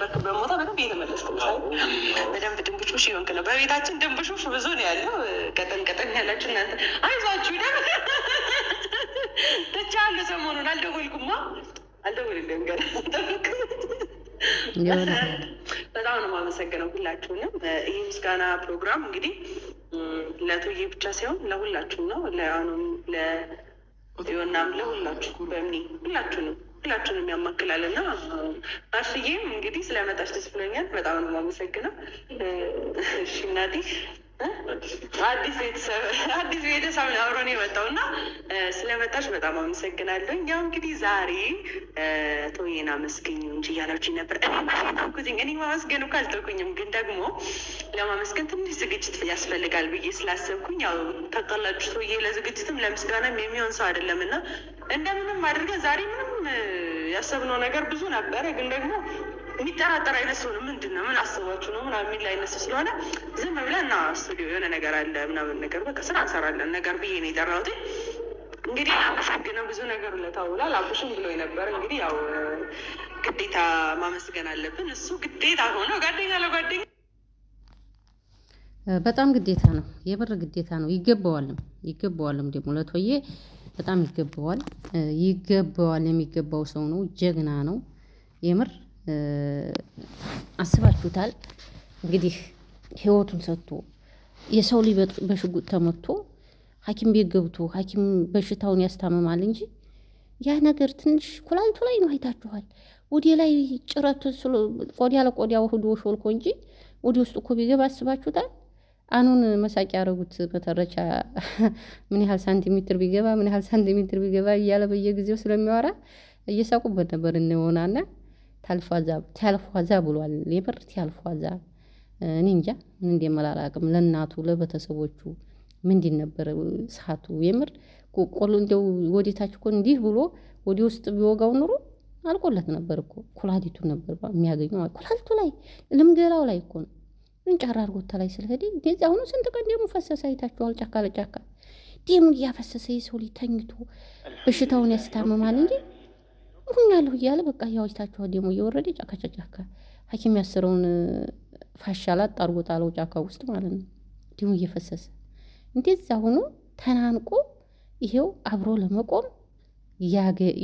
በነበርክበት ቦታ በደንብ እየተመለስክ በደንብ ድንቡሾሽ ይሆንክ ነው። በቤታችን ድንቡሾሽ ብዙ ነው ያለው። ቀጠን ቀጠን ያላችሁ እናንተ አይዟችሁ ደ ተቻ አለ። ሰሞኑን አልደወልኩማ አልደወልልም ገና በጣም ነው የማመሰግነው ሁላችሁንም። ይህ ምስጋና ፕሮግራም እንግዲህ ለቱዬ ብቻ ሳይሆን ለሁላችሁም ነው ለአኑም ለዮናም ለሁላችሁ በምኒ ሁላችሁንም ሁላችንም ያማክላል እና አሽዬም እንግዲህ ስለመጣሽ ደስ ብሎኛል። በጣም ነው የማመሰግነው። እሺ እናቴ አዲስ ቤተሰብ አዲስ ቤተሰብ አብሮን የመጣው እና ስለመጣሽ በጣም አመሰግናለሁ። ያው እንግዲህ ዛሬ ቶዬን አመስገኝ እንጂ እያለችኝ ነበር። እኔ እኔ ማመስገን እኮ አልተውኩኝም፣ ግን ደግሞ ለማመስገን ትንሽ ዝግጅት ያስፈልጋል ብዬ ስላሰብኩኝ ያው ታውቃላችሁ፣ ቶዬ ለዝግጅትም ለምስጋናም የሚሆን ሰው አይደለም እና እንደምንም አድርገን ዛሬ ምንም ያሰብነው ነገር ብዙ ነበረ፣ ግን ደግሞ የሚጠራጠር አይነት ሰው ነው። ምንድን ነው ምን አስባችሁ ነው ምናምን የሚል አይነት ስለሆነ ዝም ብለን እና ስቱዲዮ የሆነ ነገር አለ ምናምን ነገር በቃ ስራ እንሰራለን ነገር ብዬ ነው የጠራሁት። እንግዲህ አመሰግነው ብዙ ነገር ለታውላል አቡሽም ብሎ ነበር። እንግዲህ ያው ግዴታ ማመስገን አለብን። እሱ ግዴታ ሆነ ጓደኛ ለጓደኛ በጣም ግዴታ ነው፣ የብር ግዴታ ነው። ይገባዋልም ይገባዋልም ደግሞ ለቶዬ በጣም ይገባዋል ይገባዋል የሚገባው ሰው ነው ጀግና ነው። የምር አስባችሁታል እንግዲህ ህይወቱን ሰጥቶ የሰው ልጅ በሽጉጥ ተመቶ ሐኪም ቤት ገብቶ ሐኪም በሽታውን ያስታምማል እንጂ ያ ነገር ትንሽ ኩላሊቱ ላይ ነው። አይታችኋል። ወዲ ላይ ጭረት ቆዳ ለቆዳ ወህዶ ሾልኮ እንጂ ወዲ ውስጥ እኮ ቢገባ አስባችሁታል። አኑን መሳቂ ያደረጉት መተረቻ ምን ያህል ሳንቲሜትር ቢገባ ምን ያህል ሳንቲሜትር ቢገባ እያለ በየጊዜው ስለሚያወራ እየሳቁበት ነበር። እንሆናና ታልፏዛ ታልፏዛ ብሏል። የምር ታልፏዛ። እኔ እንጃ ምን እንደመላላቅም ለእናቱ ለቤተሰቦቹ ምንድን ነበር ሰዓቱ? የምር ቆሎ እንደው ወዴታች እኮ እንዲህ ብሎ ወደ ውስጥ ቢወጋው ኑሮ አልቆለት ነበር እኮ ኩላሊቱ ነበር የሚያገኘው። ኩላሊቱ ላይ ልምገላው ላይ እኮ ነው ምንጫራ አርጎታ ላይ ስለሄደ እንደዚ አሁኑ ስንት ቀን ደሙ ፈሰሰ አይታችኋል። ጫካ ለጫካ ደሙ እያፈሰሰ የሰው ልጅ ተኝቶ በሽታውን ያስታምማል እንጂ ሁኛለሁ እያለ በቃ ያው አይታችኋል። ደሞ እየወረደ ጫካ ጫካ ሐኪም ያስረውን ፋሻ ላጥ አርጎ ጣለው ጫካ ውስጥ ማለት ነው። ደሙ እየፈሰሰ እንደዚ አሁኑ ተናንቆ ይሄው አብሮ ለመቆም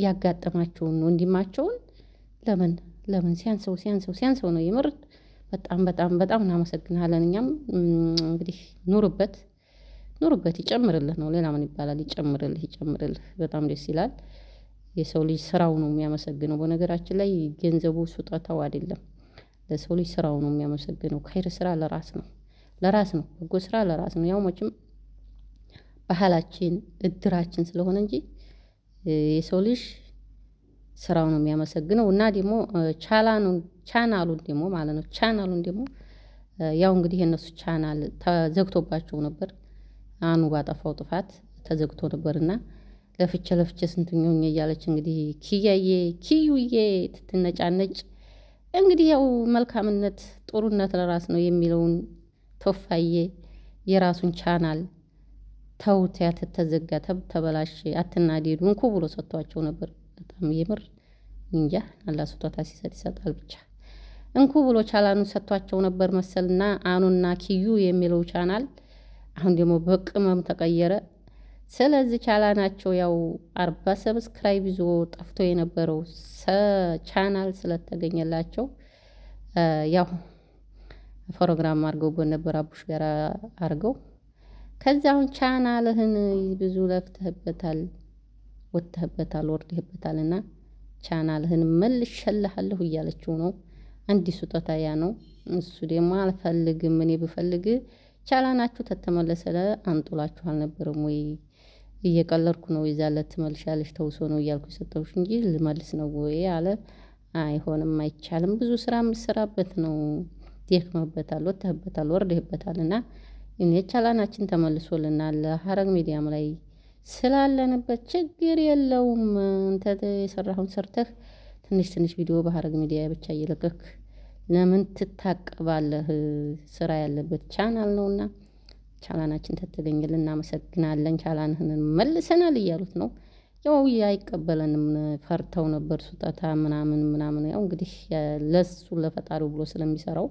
ያጋጠማቸውን ወንድማቸውን ለምን ለምን ሲያንሰው ሲያንሰው ሲያንሰው ነው የምርት በጣም በጣም በጣም እናመሰግናለን እኛም እንግዲህ ኑርበት ኑርበት ይጨምርልህ ነው። ሌላ ምን ይባላል? ይጨምርልህ ይጨምርልህ። በጣም ደስ ይላል። የሰው ልጅ ስራው ነው የሚያመሰግነው። በነገራችን ላይ ገንዘቡ ስጦታው አይደለም፣ ለሰው ልጅ ስራው ነው የሚያመሰግነው። ኸይር ስራ ለራስ ነው ለራስ ነው፣ በጎ ስራ ለራስ ነው። ያው መቼም ባህላችን እድራችን ስለሆነ እንጂ የሰው ልጅ ስራው ነው የሚያመሰግነው እና ደግሞ ቻላኑን ቻናሉን ደግሞ ማለት ነው ቻናሉን ደግሞ ያው እንግዲህ የእነሱ ቻናል ተዘግቶባቸው ነበር። አኑ ባጠፋው ጥፋት ተዘግቶ ነበርና ለፍቼ ለፍቼ ስንትኛው እያለች እንግዲህ ኪያዬ ኪዩዬ ትትነጫነጭ እንግዲህ ያው መልካምነት ጥሩነት ለራስ ነው የሚለውን ቶፋዬ የራሱን ቻናል ተውት፣ ያተተዘጋ ተበላሽ፣ አትናዴዱ እንኩ ብሎ ሰጥቷቸው ነበር። በጣም የምር እንጃ አላ ስጦታ ሲሰጥ ይሰጣል ብቻ እንኩ ብሎ ቻላኑን ሰጥቷቸው ነበር መሰልና አኑና ኪዩ የሚለው ቻናል አሁን ደግሞ በቅመም ተቀየረ። ስለዚህ ቻላናቸው ያው አርባ ሰብስክራይብ ይዞ ጠፍቶ የነበረው ቻናል ስለተገኘላቸው ያው ፕሮግራም አድርገው በነበር አቡሽ ጋር አድርገው ከዚ አሁን ቻናልህን ብዙ ለፍተህበታል፣ ወርድህበታል ወርደህበታልና ቻናልህን መልሼልሃለሁ እያለችው ነው። አንድ ስጦታ ያ ነው። እሱ ደግሞ አልፈልግም እኔ ብፈልግ ቻላናችሁ ተተመለሰ አንጡላችሁ ነበርም ወይ እየቀለድኩ ነው ይዛለት ትመልሻለሽ ተውሶ ነው እያልኩ የሰጠሁሽ እንጂ ልመልስ ነው ወይ አለ። አይሆንም አይቻልም። ብዙ ስራ የምሰራበት ነው። ደክመህበታል፣ ወጥተህበታል፣ ወርደህበታል እና እኔ ቻላናችን ተመልሶልናል። ሀረግ ሚዲያም ላይ ስላለንበት ችግር የለውም። እንተ የሰራሁን ሰርተህ ትንሽ ትንሽ ቪዲዮ በሀረግ ሚዲያ ብቻ እየለቀክ ለምን ትታቀባለህ? ስራ ያለበት ቻናል ነውና ቻላናችን ተተገኘልን እናመሰግናለን ቻላንህን መልሰናል እያሉት ነው። ያው አይቀበለንም ፈርተው ነበር ስጦታ ምናምን ምናምን ያው እንግዲህ ለሱ ለፈጣሪው ብሎ ስለሚሰራው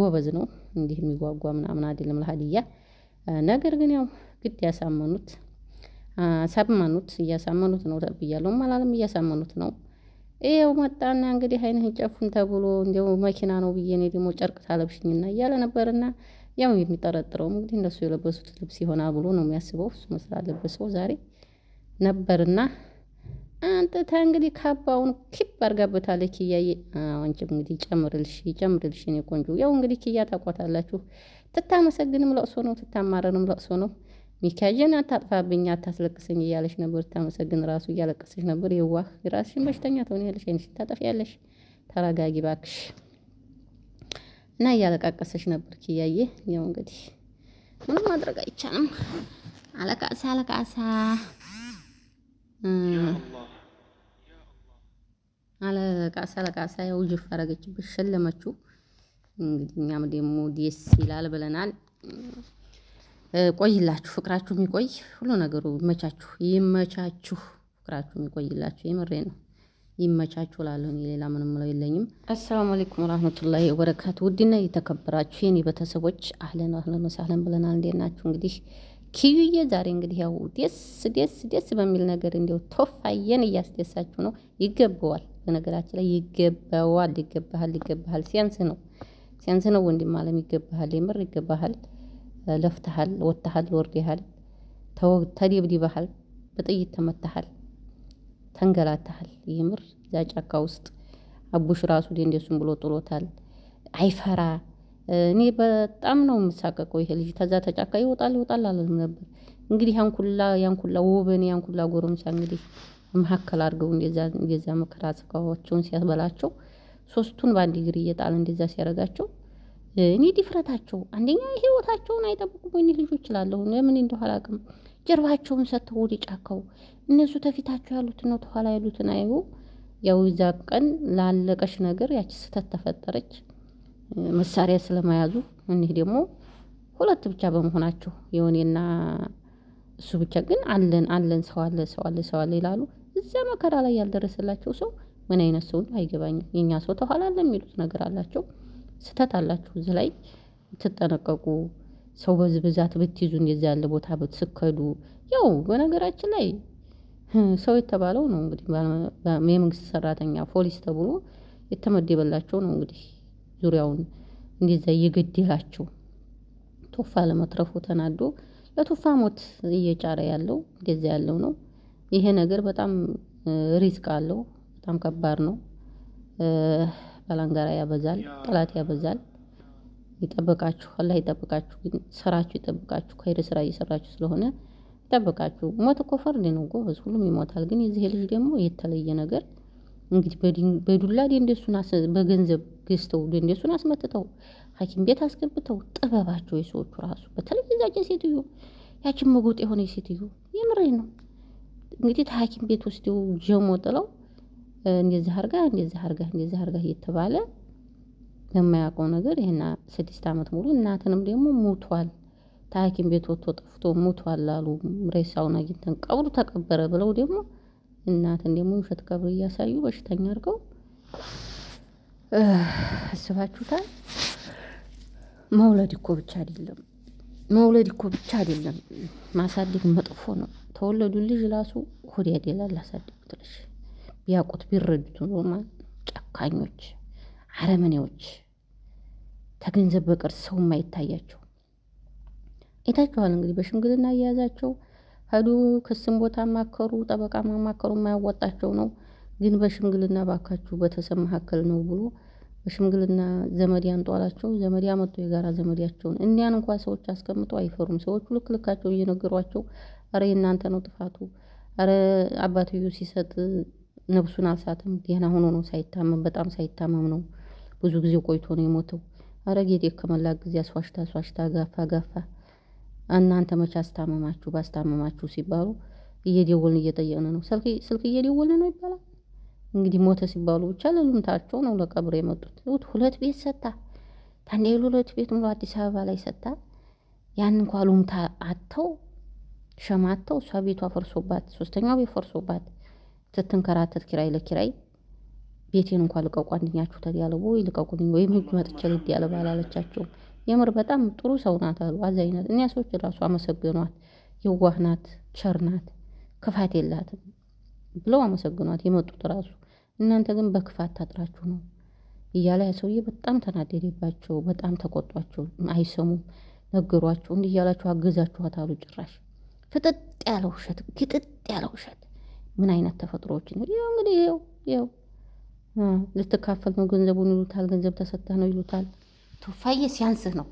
ጎበዝ ነው እንዲህ የሚጓጓ ምናምን አይደለም ለሀዲያ ነገር ግን ያው ግድ ያሳመኑት ሰማኑት እያሳመኑት ነው ተብያለሁ። አላለም እያሳመኑት ነው ይሄው መጣና እንግዲህ አይንህን ጨፉን ተብሎ እንደው መኪና ነው ብዬ እኔ ደግሞ ጨርቅ ታለብሽኝና እያለ ነበርና ያው የሚጠረጥረው እንግዲህ እነሱ የለበሱት ልብስ ይሆና ብሎ ነው የሚያስበው። እሱም ለበሰው ዛሬ ነበርና አንጥታ እንግዲህ ካባውን ኪብ አድርጋበታለች። ኪያዬ አንቺም እንግዲህ ጨምርልሽ ጨምርልሽ እኔ ቆንጆ። ያው እንግዲህ ኪያ ታቋታላችሁ ትታመሰግንም ለቅሶ ነው፣ ትታማረንም ለቅሶ ነው። ሚካኤልን አታጥፋብኝ አታስለቅስኝ እያለች ነበር። ታመሰግን ራሱ እያለቀሰች ነበር። የዋህ ራስሽን በሽተኛ ትሆን ያለሽ አይንሽ ታጠፍ ያለሽ ተረጋጊ ባክሽ እና እያለቃቀሰች ነበር። ኪያዬ ያው እንግዲህ ምንም ማድረግ አይቻልም። አለቃሳ አለቃሳ አለቃሳ አለቃሳ ያው ጅፍ አረገችብሽ፣ ሸለመችው። እንግዲህ እኛም ደግሞ ደስ ይላል ብለናል። ቆይላችሁ ፍቅራችሁ የሚቆይ ሁሉ ነገሩ ይመቻችሁ፣ ይመቻችሁ ፍቅራችሁ የሚቆይላችሁ የምሬ ነው። ይመቻችሁ እላለሁ። ሌላ ምንም ምለው የለኝም። አሰላሙ አለይኩም ወራህመቱላሂ ወበረካቱ። ውድና የተከበራችሁ የኔ ቤተሰቦች አህለን አህለን ወሳህለን ብለናል። እንዴት ናችሁ? እንግዲህ ኪዩዬ ዛሬ እንግዲህ ያው ደስ ደስ ደስ በሚል ነገር እንዲያው ቶፋየን እያስደሳችሁ ነው። ይገባዋል፣ በነገራችን ላይ ይገባዋል። ይገባሃል፣ ይገባሃል። ሲያንስ ነው ሲያንስ ነው ወንድም አለም ይገባሃል፣ የምር ይገባሃል። ለፍተሃል፣ ወጥተሃል፣ ወርደሃል፣ ተደብድበሃል፣ በጥይት ተመተሃል፣ ተንገላተሃል። ይምር እዛ ጫካ ውስጥ አቡሽ ራሱ ደንደሱን ብሎ ጥሎታል። አይፈራ። እኔ በጣም ነው የምሳቀቀው። ይሄ ልጅ ተዛ ተጫካ ይወጣል ይወጣል አላለም ነበር። እንግዲህ ያንኩላ ያንኩላ ውብን ያንኩላ ጎረምሳ እንግዲህ መካከል አድርገው እንደዛ መከራ ስጋዎቸውን ሲያበላቸው ሶስቱን በአንድ እግር እየጣል እንደዛ ሲያደርጋቸው እኔ ድፍረታቸው አንደኛ ህይወታቸውን አይጠብቁም። ወይ ልጆች እላለሁ ለምን እንደው አላውቅም። ጀርባቸውን ሰጥተው ወደ ጫካው እነሱ ተፊታቸው ያሉትን ነው ተኋላ ያሉትን አዩ። ያው እዛ ቀን ላለቀሽ ነገር ያቺ ስህተት ተፈጠረች። መሳሪያ ስለመያዙ እኒህ ደግሞ ሁለት ብቻ በመሆናቸው የሆኔና እሱ ብቻ ግን አለን አለን ሰው አለ ሰው አለ ሰው አለ ይላሉ። እዛ መከራ ላይ ያልደረሰላቸው ሰው ምን አይነት ሰው አይገባኝም። የእኛ ሰው ተኋላ ለሚሉት ነገር አላቸው። ስህተት አላችሁ እዚህ ላይ የተጠነቀቁ ሰው በዚህ ብዛት ብትይዙ እንደዚህ ያለ ቦታ ብትስከዱ ያው በነገራችን ላይ ሰው የተባለው ነው እንግዲህ የመንግስት ሰራተኛ ፖሊስ ተብሎ የተመደበላቸው ነው እንግዲህ ዙሪያውን እንደዛ እየገደላቸው ቶፋ ለመትረፉ ተናዶ ለቶፋ ሞት እየጫረ ያለው እንደዚ ያለው ነው። ይሄ ነገር በጣም ሪስክ አለው። በጣም ከባድ ነው። ባላንጋራ ያበዛል፣ ጠላት ያበዛል። ይጠብቃችሁ፣ አላህ ይጠብቃችሁ። ግን ስራችሁ ይጠብቃችሁ። ከይር ስራ እየሰራችሁ ስለሆነ ይጠብቃችሁ። ሞት እኮ ፈርድ ነው ጎበዝ፣ ሁሉም ይሞታል። ግን የዚህ ልጅ ደግሞ የተለየ ነገር እንግዲህ በዱላ ደንደሱን በገንዘብ ገዝተው ደንደሱን አስመትተው ሐኪም ቤት አስገብተው ጥበባቸው የሰዎቹ ራሱ በተለይ ዛች ሴትዮ ያችን መጎጥ የሆነ ሴትዮ የምሬ ነው እንግዲህ ሐኪም ቤት ወስደው ጀሞ ጥለው እንደዚህ አርጋ እንደዚህ አርጋ እንደዚህ አርጋ እየተባለ የማያውቀው ነገር ይሄና ስድስት ዓመት ሙሉ እናትንም ደግሞ ሙቷል ታኪም ቤት ወጥቶ ጠፍቶ ሙቷል አሉ። ሬሳውን አግኝተን ቀብሩ ተቀበረ ብለው ደግሞ እናትን ደግሞ ውሸት ቀብር እያሳዩ በሽተኛ አድርገው አስባችሁታል። መውለድ እኮ ብቻ አይደለም፣ መውለድ እኮ ብቻ አይደለም። ማሳደግ መጥፎ ነው። ተወለዱ ልጅ ራሱ ሆድ ያደላል። አሳድጉት ልጅ ቢያውቁት ቢረዱት ኖሮ ጨካኞች፣ አረመኔዎች ተገንዘብ በቀር ሰው የማይታያቸው አይታችኋል። እንግዲህ በሽምግልና እየያዛቸው ሄዱ፣ ክስም ቦታ ማከሩ፣ ጠበቃ ማማከሩ የማያዋጣቸው ነው። ግን በሽምግልና ባካችሁ በተሰብ መካከል ነው ብሎ በሽምግልና ዘመድ ያንጧላቸው ዘመድ ያመጡ የጋራ ዘመዳቸውን እንዲያን እንኳ ሰዎች አስቀምጠው አይፈሩም። ሰዎቹ ልክ ልካቸው እየነገሯቸው ኧረ የእናንተ ነው ጥፋቱ፣ ኧረ አባትዮ ሲሰጥ ነብሱን አልሳትም። ደህና ሆኖ ነው ሳይታመም፣ በጣም ሳይታመም ነው ብዙ ጊዜ ቆይቶ ነው የሞተው። አረ ጌጤ ከመላ ጊዜ አስዋሽታ አስዋሽታ ጋፋ ጋፋ እናንተ መቼ አስታመማችሁ ባስታመማችሁ ሲባሉ እየደወልን እየጠየቅን ነው ስልክ እየደወልን ነው ይባላል። እንግዲህ ሞተ ሲባሉ ብቻ ለሉምታቸው ነው ለቀብር የመጡት። ሁለት ቤት ሰታ ታንዴሉ ሁለት ቤት ሙሉ አዲስ አበባ ላይ ሰታ ያን እንኳ ሉምታ አተው ሸማተው እሷ ቤቷ ፈርሶባት ሶስተኛው ቤት ፈርሶባት ስትንከራተት ኪራይ ለኪራይ ቤቴን እንኳ ልቀቁ አንድኛችሁ ተዲያለ ወይ ልቀቁልኝ ወይም ህግ መጥቼ ያለ ባላለቻቸውም የምር በጣም ጥሩ ሰው ናት አሉ አዛኝ እኒያ ሰዎች ራሱ አመሰግኗት፣ የዋህ ናት፣ ቸር ናት፣ ክፋት የላትም ብለው አመሰግኗት የመጡት ራሱ። እናንተ ግን በክፋት ታጥራችሁ ነው እያለ ያ ሰውዬ በጣም ተናደደባቸው። በጣም ተቆጧቸው። አይሰሙም፣ ነገሯቸው። እንዲህ እያላችሁ አገዛችኋት አሉ። ጭራሽ ፍጥጥ ያለ ውሸት፣ ግጥጥ ያለ ውሸት ምን አይነት ተፈጥሮዎችን ይኸው እንግዲህ ይኸው ይኸው ልትካፈል ነው ገንዘቡን ይሉታል። ገንዘብ ተሰጥተህ ነው ይሉታል። ቱፋዬ ሲያንስህ ነው።